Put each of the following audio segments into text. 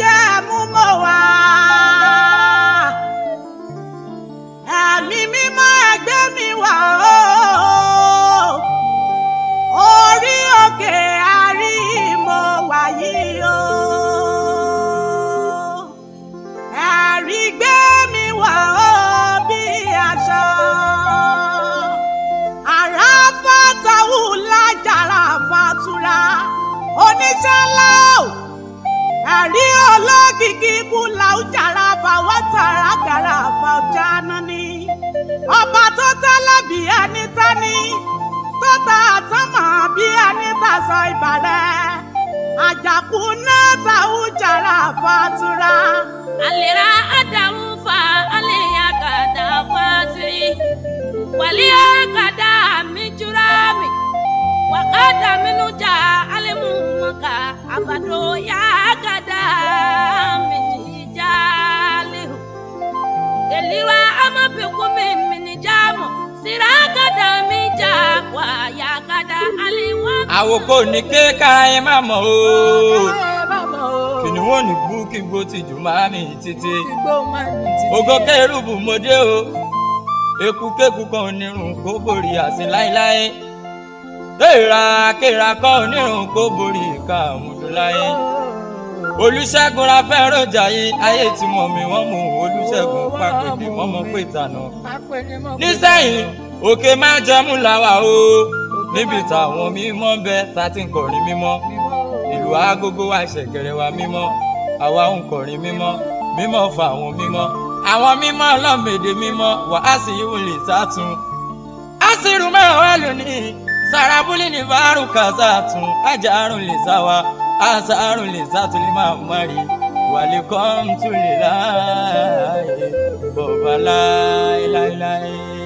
jẹ́ mú mọ́ wá. ẹ̀mí mímọ́ ẹgbẹ́ mi wà ó. orí òkè àárí mo wà yìí o. ẹ̀rí gbé mi wà ó bí aṣọ. àrà fàtàwù lájàrà fàtúrà oníṣẹ́ láò ẹ̀rí olókìkí kú làújàrá fàwọ́ tààrà gàrà fàwọ́jà nání. ọba tó tẹ́lẹ̀ bí ẹni tání tó ta àtọ́mọ̀ bí ẹni tàṣọ ìbàrẹ̀. àjàkú náà tàújàrá fàtúrà. àlèrà àdàmú fa àlèyàn kàdà fàtúrì wàlíyà kàdà mi jura mi wàkàdà mi nujà àlèmú mọ̀ká àbàdo. sìràkàdà mi jà wàyàkàdà àlewà. àwòkọ ní pé ká ẹ má mọ̀ o. kìnìún ní gbú kí gbó ti máa mi títí. ògo kérúbù mo o. ekukéku kan onírun kó borí àsìn láéláé. kéèrà kéèrà kan onírun kó borí ìka àmùdó láyé. olùṣègùn ra fẹ́ rọjà yìí ayé tí mọ̀ wọ́n mú olùṣègùn pàkìdí wọ́n pé ìtànà nísẹ̀yìn òkè máa jẹmú làwà o níbi táwọn mímọ́ ń bẹ tá ti mímọ́ ìlú agogo wa ṣẹ̀kẹ̀rẹ̀ wa mímọ́ àwa ń kọrin mímọ́ mímọ́ fa àwọn mímọ́ àwọn mímọ́ ọlọ́mèdè mímọ́ wà á sì yíwò lè sátún á sì rú mẹ́wàá wà lónìí sarabuli ni bárùkà sátún ájà àrùn lè sá á sá lè sátún lè máa mú àrí welcome to the light. Baba, lie, lie, lie.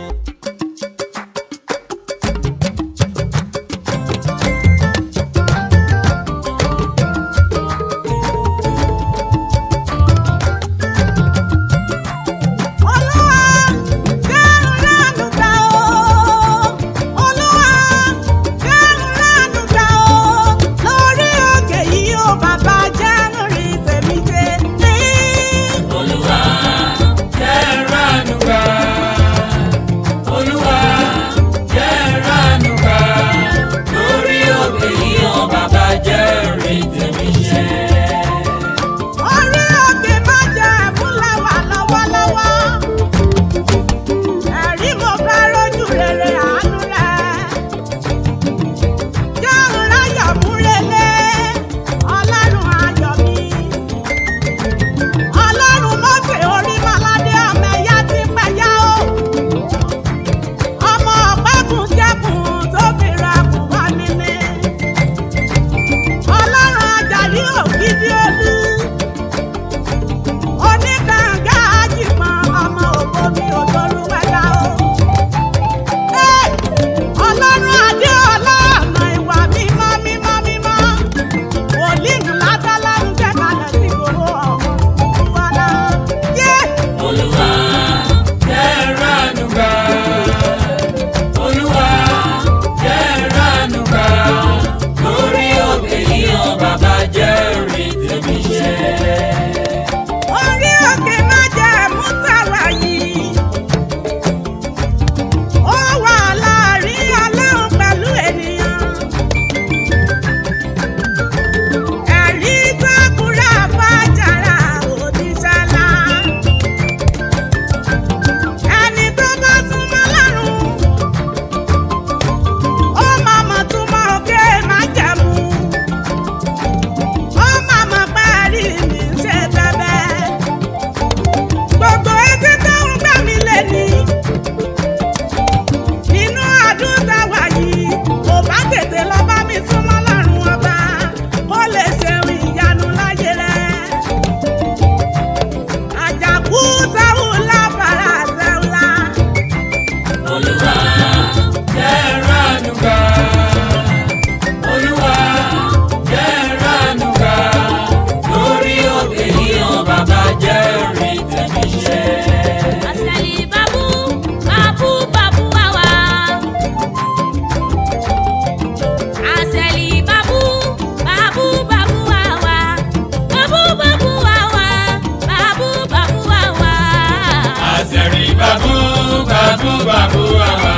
bàbúbàbúbàbà.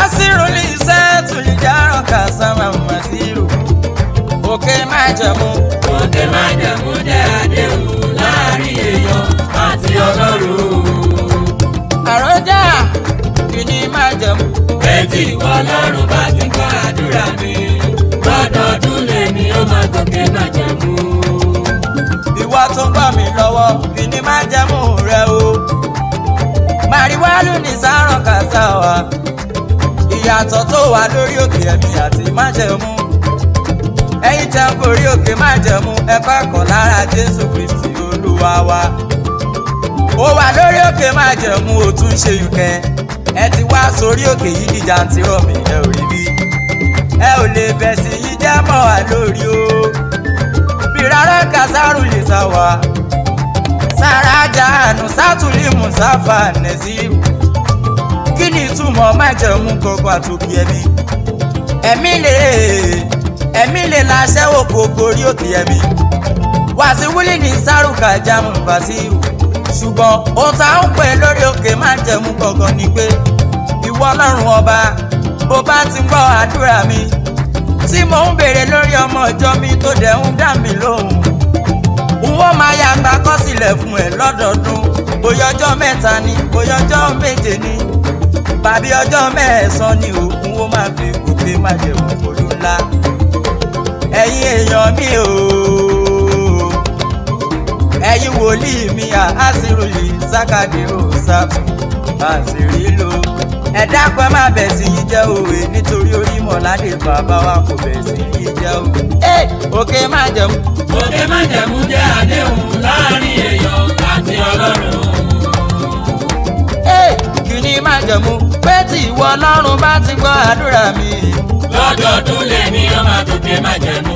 asiru ní iṣẹ́ tún járọ̀ kà sábà màsírù òkè má jẹ̀mú. òkè má jẹ̀mú jẹ́ àdéhùn láàrin èèyàn àti ọlọ́run. jálù ní sáràn kàtà wa ìyàtọ̀ tó wà lórí òkè ẹ̀mí àti májẹ̀mú ẹ̀yin tẹ́ ń borí òkè májẹ̀mú ẹ bá kọ̀ lára Jésù Kristi Olúwa wa ó wà lórí òkè májẹ̀mú ó tún ṣe yùkẹ́ ẹ ti wá sórí òkè yìí dìjà ti rọ̀ mí ẹ ò rí bí ẹ ò lè bẹ̀sìn yìí jẹ́ mọ́ wa lórí o bí rárá kàzárù lè sá wa sára jáàánú sátúlì mùsáfà nẹ̀síìrù mọ̀ mẹ́jẹ̀ mú gbogbo àtòkì ẹ̀mí ẹ̀mí lè ẹ̀mí lè láṣẹ́ òkò gorí òkè ẹ̀mí wàásù wúlì ní sárùkà jámù Wàsíù ṣùgbọ́n ohun tá à ń pè lórí òkè má jẹ̀mú gbọ̀ngàn ni pé ìwọ ọlọ́run ọba bó bá ti gbọ́ àdúrà mi tí mò ń béèrè lórí ọmọ ọjọ́ mi tó dẹ̀ ń dà mí lóhùn n máa ya àgbà fún ẹ lọ́dọọdún bóyá ọjọ́ ni bóyá méje ni bàbí ọjọ́ mẹ́ẹ̀sán ni òkun ó máa fi gòkè má jẹun fòlù ńlá ẹ̀yin èèyàn mi o ẹ̀yin wòlíì mi àásìrùlì sákàdé ò sábà àṣírí lò ẹ dákun ẹ má bẹ̀ sí yí jẹ́ òwe nítorí onímọ̀ ládé bàbá wa kò bẹ̀ sí yí jẹ́ òwe. òkè má jẹun. òkè má jẹun jẹ́ àdéhùn láàrin èèyàn àti ọlọ́run ní májẹ̀mú pé tí ìwọ ọlọ́run bá ti gbọ́ àdúrà mi. lọ́dọọdún lèmi ọmọ àtòkè májẹ̀mú.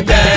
Baby